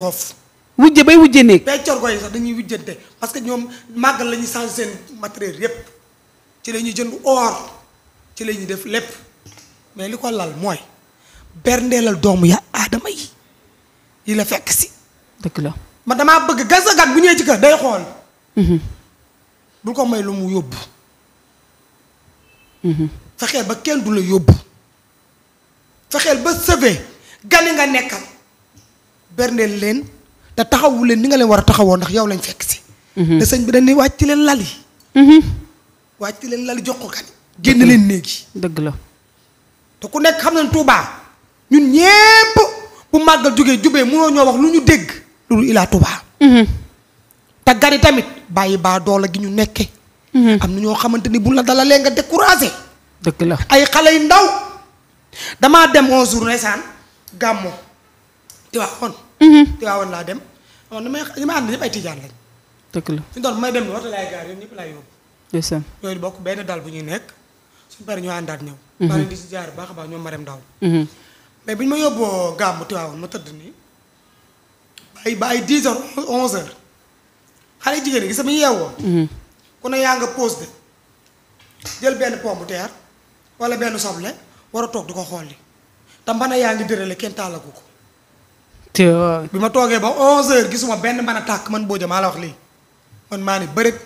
roof wujje bay wujje néeg peccor goy sax dañuy wujjante parce que ñoom màggal la ñuy changé seen matériel yépp ci la ñuy jënd or ci la ñuy def lépp mais li ko lal mooy berndeelal doomu ya aadama yi yi la fekk si dëgg la ma damaa bëgg gas gat bu ñëwee ci kër day xool mhm. bul ko may lu mu yóbbu mhm. fexeel ba kenn du la yóbbu fexeel ba sëfee gani nga nekkal berndeel leen te taxawu leen ni nga leen war a taxawoo ndax yow lañ fekk si. Mhm. te sëñ bi dañ ne wàcc leen lal yi. Mhm. wàcc leen lal jox ko kan. génn leen léegi dëgg la. te ku nekk xam nañ Touba ñun ñépp bu màggal jógee jubee mënoo ñoo wax lu ñu dégg lu dul ilaa Touba. Mhm. te gari tamit bàyyi baa doole gi ñu nekke am na ñoo xamante ni bu la dalalee nga découragé. dëgg la ay xale yu ndaw damaa dem 11 jours ndeysaan gàmmo di Mm-hmm. Tiwaawan laa dem non oh, ni may ni ma ànd ñëpp ay tijaan lañ. dëgg la fi mu doon may dem waxtu laay gaar yooyu ñëpp laay yóbbu. des yooyu bokk benn dal bu ñuy nekk suñu pare ñu àndaat ñëw. Mm-hmm. maa leen di si jaar baax a baax ñoom Marème Ndaw. Mm-hmm. mais bi ñu ma yóbboo gàmmu Tiwaawan ma tëdd nii ba ay ba ay dix heures onze heures xale jigéen yi gis nga yeewoo. ku ne yaa nga pause de jël benn pomme terre wala benn soble war a toog du ko xool li te mën a yaa ngi dërale kenn taalagu ko. te. Uh, bi ma toogee ba 11h gisuma benn man a tàkk man boo maa la wax lii man maa ni bëreet.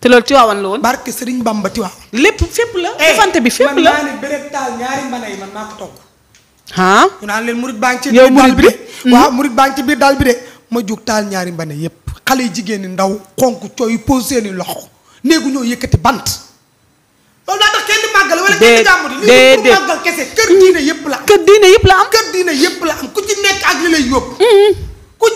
te loolu Tiwaawan la woon. barke Sëriñ Bamba Tiwaawan. lépp fépp la. Eh, defante bi fépp la man maa ni bëreet taal ñaari mën yi man maa ko togg. ah. ñu naan leen murit baa ci biir dal bi waaw murit ci biir dal bi de. ma jug taal ñaari mbana yépp xale yi jigéen ñi ndaw xonk cooy posé ni loxo néegu ñoo yëkkati bant moom daa tax kenn màggal wala kenn gàmmu di lii du màggal kese kër diine yëpp la am kër diine yëpp la am kër diine yëpp la am ku ci nekk ak li lay yóbbu mm-hmm. ku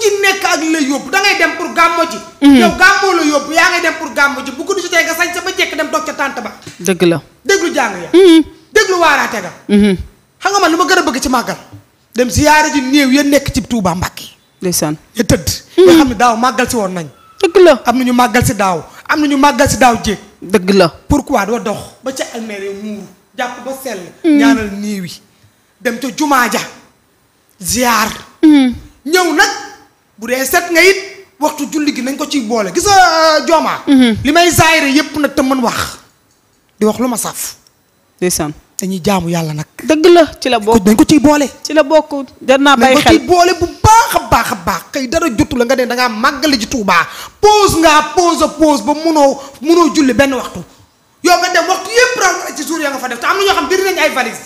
dem pour gàmmo ji mm-hmm. yow gàmmoo la yóbbu yaa ngay dem pour gàmmo ji bu ko du jotee nga sañ sa ba jekk dem toog ca tànt ba dëgg la déglu jàng ya mm-hmm. déglu waaraate ga xam nga man lu ma gën a bëgg ci màggal dem ziyaara ji néew ya nekk ci Tuubaa Mbàkke ndeysaan ya tëdd nga xam ne daaw màggal si woon nañ dëgg la am na ñu màggal si daaw am na ñu màggal si daaw jéeg dëgg la pourquoi doo dox ba ca almeere muuru jàpp ba sell mm. ñaanal néew yi dem ca jumaa ja ziar mm. ñëw nag bu dee set nga it waxtu julli gi nañ ko ciy boole gis a euh, joomaa mm-hmm. li may zaayire yépp nag te mën wax di wax lu ma saf ndeysaan dañuy jaamu yàlla nag. dëgg la ci la bokk dañ ko ciy boole. ci la bokk jar naa bàyyi xel boole bu baax a baax a baax xëy dara jotu la nga dem da ngaa màggali ci Touba pause ngaa pause a pause ba munoo munoo julli benn waxtu. yow nga dem waxtu yëpp daal ci suur ya nga fa def te am na ñoo xam diri nañ ay valise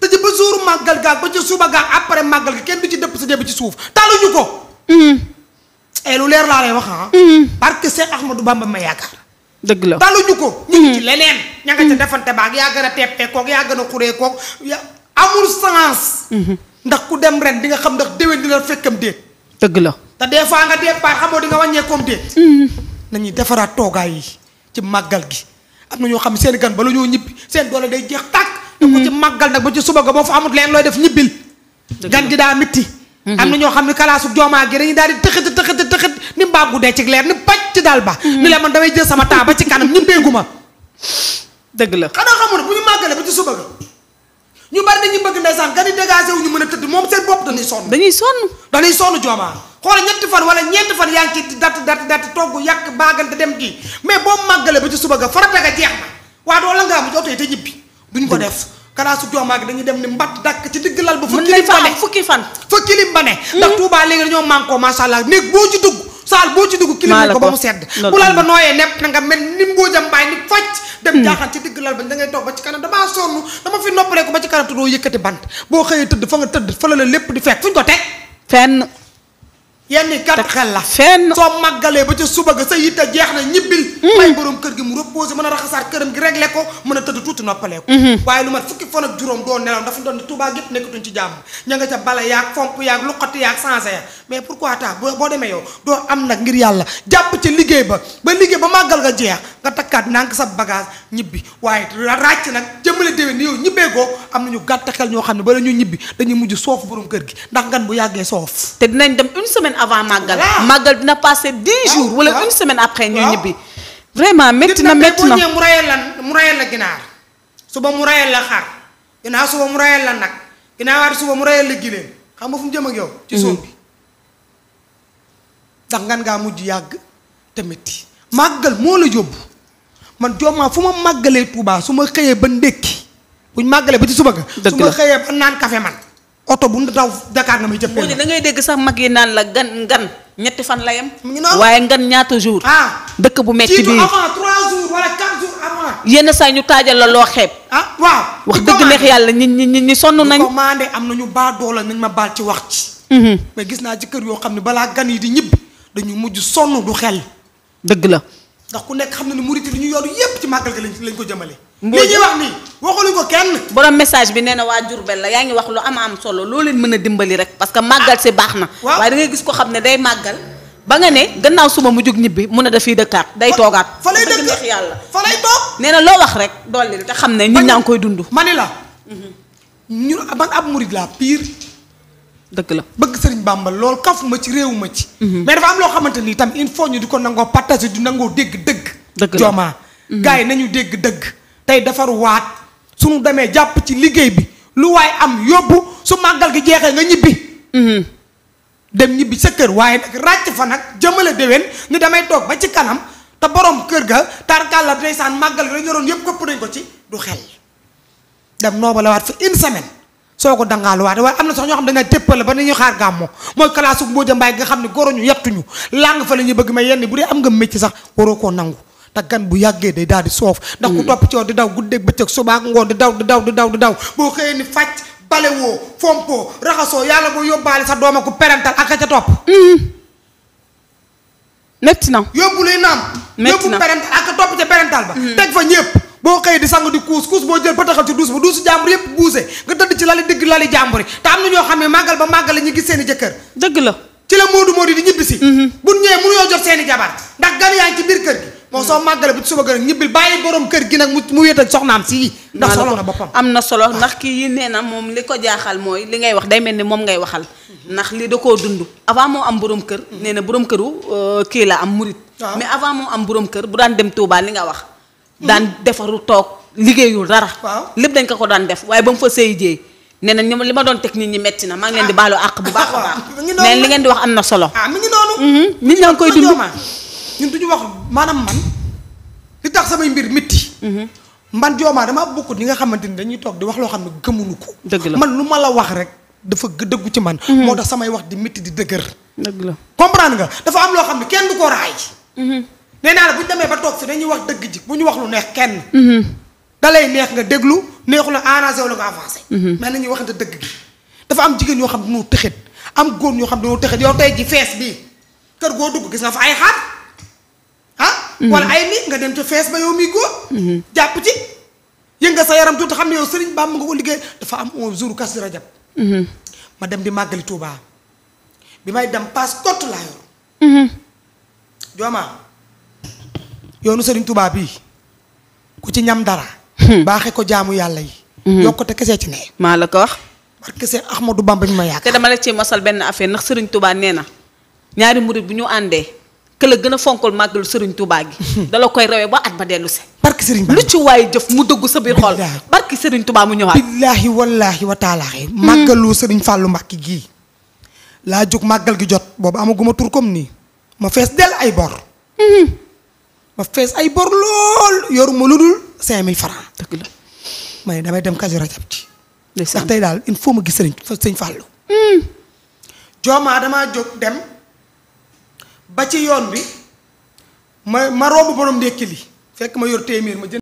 te ci màggal gaag ba ci suba gaag après màggal gi kenn du ci dëpp sa jëb ci suuf taluñu ko. Mm-hmm. et eh, lu leer laa lay wax ah. parce mm-hmm. que Cheikh Ahmadou Bamba ma yaakaar. dëgg la daluñu ko. Hmm. ñu ngi leneen. ña nga ca defante baag yaa gën a teppee koog yaa gën a xuree koog amul sens. Hmm. ndax ku dem ren di nga xam ndax déwén dina fekkam déet. dëgg la te des fois nga départ xamoo di nga wàññeekoom déet. Hmm. nañuy defaraat toogaay yi ci màggal gi am na ñoo xam seen gan ba la ñoo ñibbi seen doole day jeex tàkk. te ko ci màggal nag ba ci suba ga boo fa amut leen looy def ñibbil. gan gi daa mitti. am na ñoo xam ne kalaasu joomaa gi dañuy daal di tëxët tëxët tëxët ni mbaam gu dee ci leer ni pàcc daal ba. ni la man damay jël sama taa ba ci kanam ñu déggu ma. dëgg la xanaa xamul bu ñu màggalee ba ci suba ga ñu bëgg ndeysaan gan yi dégagé wu ñu mën a tëdd moom seen bopp dañuy sonn. dañuy sonn dañuy sonn joomaa. xool ñetti fan ñeenti fan yaa ngi ci dat dat dat togg yàq baagante dem kii mais boo màggalee ba ci suba ga farata ga jeex na waa doo la nga am jotee te ñibbi duñ ko def kalaasu joomaa gi dañuy dem ni mbatt dàkk ci digg lal ba fukki lim ba ne fukki fan fukki ba ne hmm? ndax Touba léegi dañoo mànkoo macha allah néeg boo ci dugg saal boo ci dugg kilim ko ba mu sedd bu lal ba nooyee nepp na nga mel ni mboojam mbaay ni fàcc dem hmm. jaaxal ci digg lal ba da ngay toog ba ci kanam damaa sonn dama fi noppalee ko ba ci kanam te doo yëkkati bant boo xëyee tëdd fa nga tëdd fa la lépp di fekk fu ko teg fenn yenn kat xel la fenn soo màggalee ba ca suba ga sa yitte jeex na ñibbil mm. may borom kër gi mu reposé mën a raxasaat këram gi réglé ko mën a tëdd tuuti noppaleeku mm-hmm. waaye lu mat fukki fan ak juróom doo nelaw dafa doon ne Tuubaa gépp nekkatuñ ci jàmm ña nga ca bala yaag fomp yaag luqati yaag changé ya mais pourquoi ta boo demee yow doo am nag ngir yàlla jàpp ci liggéey ba ba liggéey ba màggal nga jeex nga takkaat ndànk sa bagage ñibbi waaye ràcc nag jëmale déwén ni yow ñibbeekoo am nañu gàtt xel ñoo xam ne bala ñu ñibbi dañuy mujj soof borom kër gi ndax ngan bu yàggee soof te dinañ dem une semaine avant màggal màggal dina passé dix jours wala une semaine après ñuy ñibbi vraiment métti na métti na mu rayal la mu rayal la ginaar suba mu rayal la xar ginnaaw suba mu rayal la nag ginnaaw waat suba mu rayal la giléem xam nga fu jëm ak yow ci mm-hmm. suuf bi ndax ngan ngaa mujj yàgg te métti màggal moo la yóbbu man Joma fu ma màggalee tubaa su ma xëyee ba ndékki buñ màggalee ba ci suba ga. su ma xëyee ba naan kafe man. oto bu ndaw Dakar nga may jëppee. moo da ngay dégg sax mag naan la gan ngan ñetti fan la yem. waaye ngan ñaata jours. ah dëkk bu metti bii avant trois jours wala quatre saa ñu taajal la loo xeeb. ah waaw wax dëgg neex yàlla ñi ñi ñi sonn nañ. commandé am na ñu baa doole nañ ma baal ci wax ci. Mhm. gis naa ci kër yoo xam ne balaa gan yi di ñibbi dañu mujj sonn du xel. dëgg la. ndax ku nekk xam na ne murit yi li ñu yoru yépp ci màggal gi lañ ko jëmale lii ñuy wax nii waxuñu ko kenn borom message bi nee na waa Jurbel la yaa ngi wax lu am am solo loo leen mën a dimbali rek parce que màggal si baax na waaye da gis ko xam ne day màggal ba nga ne gannaaw suba mu jóg ñibbi mun a def dafiy dëkkaat day toogaat fa lay dëkk yàlla fa lay toog nee na loo wax rek dolli te xam ne nit ñaa ngi koy dund ma ñu la mhm. ñun man ab murit laa pire dëgg la bëgg sëriñ Bàmba lool kafu ma ci réew ma ci. Mhm. mais dafa am loo xamante ni itam il faut ñu di ko nangoo partager du nangoo dégg dëgg. dëgg la joomaa. Mhm. gars yi nañu dégg dëgg. tey defar waat suñu demee jàpp ci liggéey bi lu waaye am yóbbu su màggal gi jeexee nga ñibbi. Mhm. dem ñibbi sa kër waaye nag ràcc fa nag jëmale déwén ni damay toog ba ci kanam te borom kër ga tarkalla ndeysaan màggal gi dañu yoroon yëpp këpp nañ ko ci du xel. dem noobalewaat waat une semaine. soo ko dangaal waate waaye am na sax ñoo xam dañ naa téppale ba nañu xaar gàmmo mooy kalaasu mbooja mbaay nga xam ne goroñu yettuñu laa nga fa la ñuy bëgg may yenn bu dee am nga métti sax waroo koo nangu te bu yàggee day daal di soof ndax ku mm. topp coow di daw guddeeg bëccëg subaak ngoon di daw di daw di daw di daw boo xëyee ni fàcc balewoo fompoo raxasoo yàlla boo yóbbaale sa dooma ku perantal ak ca topp métti mm. na yóbbu luy naam métti na yóbbu perantal ak topp ca perantal ba mm. teg fa ñëpp boo xëyee di sang di kuus kuus boo jël ba taxal ci duus bu duusu jàmbur yëpp buuse nga tëdd ci lali digg lali jàmbur te am na ñoo xam ne màggal ba màggal la ñu gis seen i jëkkër dëgg la ci la moodu moodu di ñibbisi mm-hmm. bu ñëwee mënuñoo jot seen jabar ndax gan ci biir kër gi moo soo màggale bu suba gën a ñibbil bàyyi borom kër gi nag mu wéet ak soxnaam si ndax solo na boppam am na solo ndax kii yi nee na moom li ko jaaxal mooy li ngay wax day mel ni moom ngay waxal ndax li da koo dund avant moo am borom kër nee na borom këru euh, kii la am murit mais avant moo am borom kër bu daan dem Touba li nga wax daan defaru toog liggéeyul dara. lépp dañ ko ko daan def waaye ba mu fa sëy jee nee na li ma doon teg nit ñi metti na maa ngi leen di baalu àq bu baax baax. mais li ngeen di wax am na solo. ah mi ngi noonu. Mhm. nit ñaa ngi koy dund ñun du ñu wax maanaam man li tax samay mbir métti. Mhm. man joomaa damaa bokkut ñi nga xamante ni dañuy toog di wax loo xam ne gëmuñu ko. dëgg la man lu ma la wax rek dafa dëggu ci man. Mhm. moo tax samay wax di métti di dëggër dëgg la comprendre nga dafa am loo xam ne kenn du ko raay. nee naa la bu ñu demee ba toog si dañuy wax dëgg ji bu ñu wax lu neex kenn. Mm-hmm. da lay neex nga déglu neexu la arrangé wala nga avancé. Mm-hmm. mais nañuy waxante dëgg gi dafa am jigéen yoo xam dañoo tëxet am góor ñoo xam dañoo tëxet yow tey ji fees bii kër goo dugg gis nga fa ay xaat ah. Mm-hmm. ay nit nga dem ca fees ba yow mi góor. jàpp ci yënga sa yaram tuuti xam ne yow Serigne Bamba nga ko liggéey dafa am un jour kas di ma dem di màggali Touba bi may dem passe cote laa yor. yoonu Serigne Touba yi ku ci ñam dara. Hmm. baaxee ko jaamu yàlla yi. Hmm. yokkute kese ci ne. maa la ko wax. parce que seen Ahmadou Bamba ñu ma yàq. te dama la ci mosal benn affaire ndax Serigne Touba nee na ñaari murit bu ñu àndee. que la gën a màgg lu Serigne Touba gi. Hmm. dala koy rawee ba at ma dellu si. barki Serigne Ba lu ci waaye jëf mu dëgg sa biir xol. barki Serigne Touba mu ñëwaat. billaahi wallaahi wa taalaahi. màggalu Serigne Fallou Mbacké gii. laa jóg màggal gi jot boobu amaguma tur comme nii ma fees del ay bor. ma fees ay bor lool yoruma lu dul 5000 francs. dëgg la may damay dem Kazu Rajab ci. ndax tey daal il faut ma gis sëriñ sëñ Fallou. Hmm. joomaa damaa jóg dem ba ci yoon bi ma ma romb borom ndékki li fekk ma yor téeméer ma jënd.